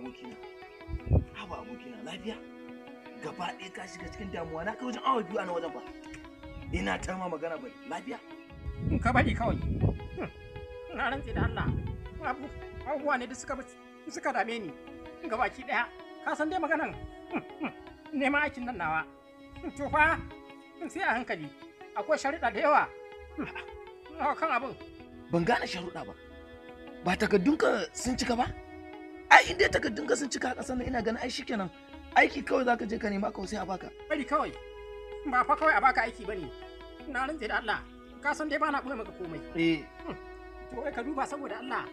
abokina haba abokina lafiya gaba ɗaya ka shiga cikin damuwa na kai wajen awa biyu a na wajen ba ina ta ma magana bai lafiya in hmm, ka bari kawai hmm, na rantse da Allah abubuwa ne da suka suka dame ni gabaki ɗaya ka san dai maganan hmm, neman aikin nan nawa to fa sai a hankali akwai sharuɗa da yawa kan abin ban gane sharuɗa ba ba takaddunka sun cika ba ai inda takardun ka sun cika a ƙasar nan ina ganin ai shikenan aiki kawai zaka je ka nema ka sai a baka bari kawai ba fa kawai a baka aiki bane na rantse da Allah ka san dai ba na koyi maka komai eh hmm. to ka duba saboda Allah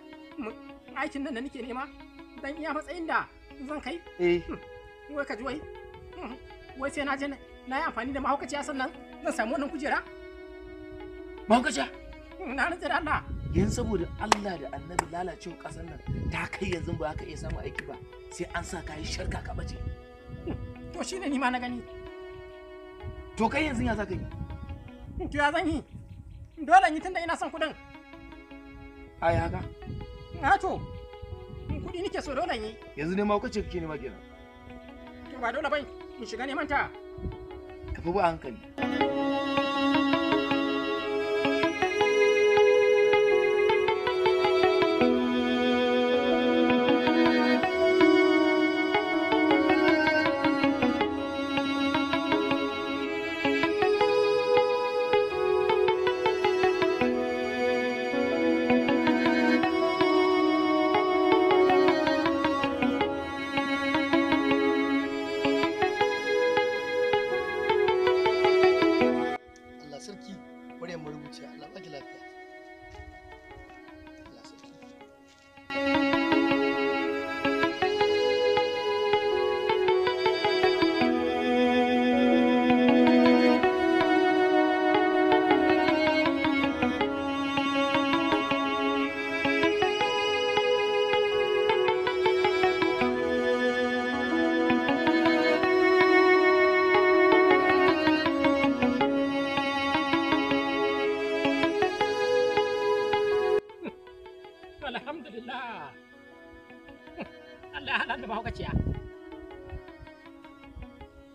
aikin nan da nake nema dan iya matsayin da zan kai eh hmm. wai ka ji wai hmm. wai sai na je na yi amfani da mahaukaciya sannan zan samu wannan kujera mahaukaciya na rantse da Allah yanzu saboda Allah da annabi lalacewa ƙasar nan ta kai yanzu ba ka iya samun aiki ba sai an sa ka yi sharka ka bace to shine ni ma na gani to kai yanzu ya za ka yi to ya zan yi dole ni tunda ina son kuɗin ai haka Na to kuɗi nike so dole yi yanzu ne ma kace kike ne ma kenan to ba dole ba in shiga neman ta ka fi ba hankali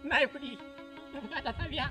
na kuɗi, na buƙata ta biya.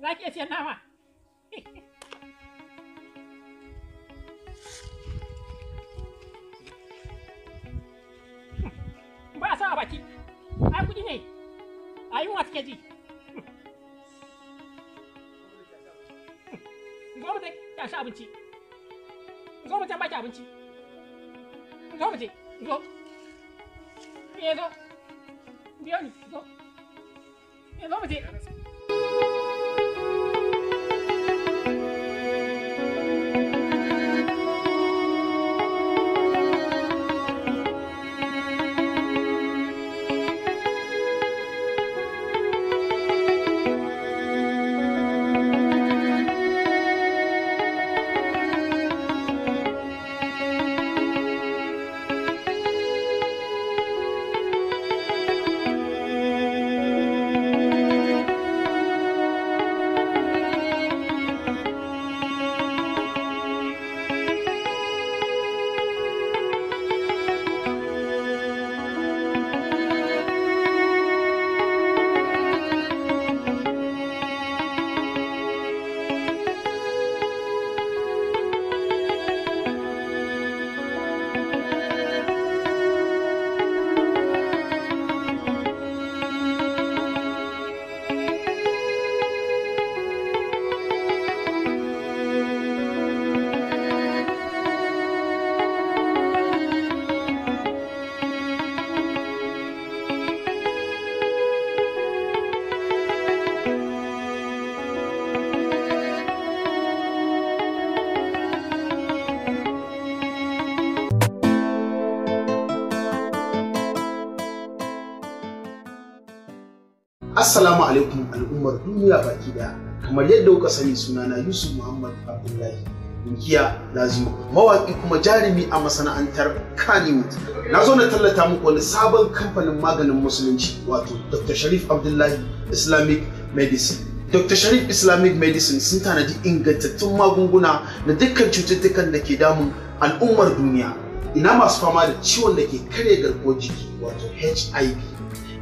za ki iya siyan nama ba sa a baki ai kuɗi ne a yi wa suke ji zo mu je sha abinci zo mu can baki abinci zo mu je zo eh zo biyo ni zo eh zo mu je Assalamu alaikum al'ummar duniya baki daya. Kamar yadda kuka sani sunana Yusuf Muhammad Abdullahi. Inkiya lazio mawaki kuma jarumi a masana'antar Kannywood. Na zo na tallata muku wani sabon kamfanin maganin musulunci wato Dr. Sharif Abdullahi Islamic Medicine. Dr. Sharif Islamic Medicine sun tanadi ingantattun magunguna na dukkan cututtukan da ke damun al'ummar duniya. Ina masu fama da ciwon da ke karya garkuwar jiki wato HIV.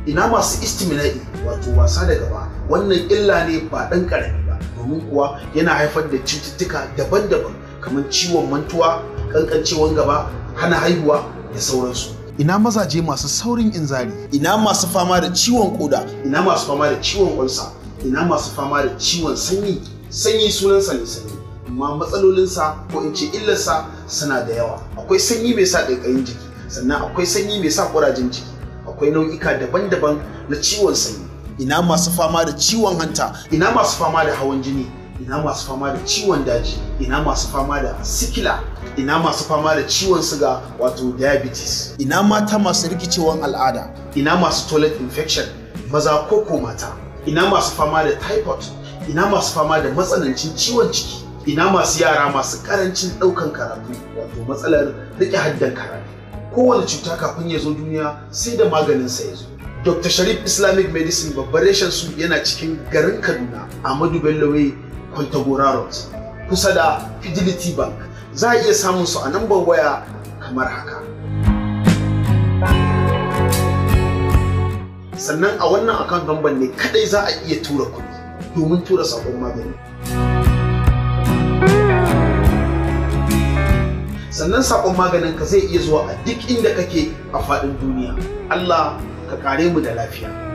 ina masu istiminai wato wasa da gaba wannan illa ne ba ɗan ƙarami ba domin kuwa yana haifar da cututtuka daban-daban kamar ciwon mantuwa ƙanƙancewan gaba hana haihuwa da sauransu ina mazaje masu saurin inzari ina masu fama da ciwon koda ina masu fama da ciwon kwansa ina masu fama da ciwon sanyi sanyi sunan sanyi sanyi amma matsalolinsa ko in ce illarsa suna da yawa akwai sanyi mai sa ƙaiƙayin jiki sannan akwai sanyi mai sa ƙurajen jiki akwai nau'ika daban-daban na ciwon sanyi ina masu fama da ciwon hanta ina masu fama da hawan jini ina masu fama da ciwon daji ina masu fama da sikila ina masu fama da ciwon siga wato diabetes ina mata masu rikicewan al'ada ina masu toilet infection maza ko ko mata ina masu fama da typhoid ina masu fama da matsanancin ciwon ciki ina masu yara masu karancin daukan karatu wato matsalar rike haddan karatu kowane cuta kafin ya zo duniya sai da maganin sa ya zo dr sharif islamic medicine babbar reshen su yana cikin garin kaduna amadu bello way kwantagora road kusa da fidelity bank za a iya samun su a nambar waya kamar haka sannan a wannan akan namban ne kadai za a iya tura kuɗi domin tura sakon magani sannan sakon maganin ka zai iya zuwa a duk inda kake a faɗin duniya Allah ka kare mu da lafiya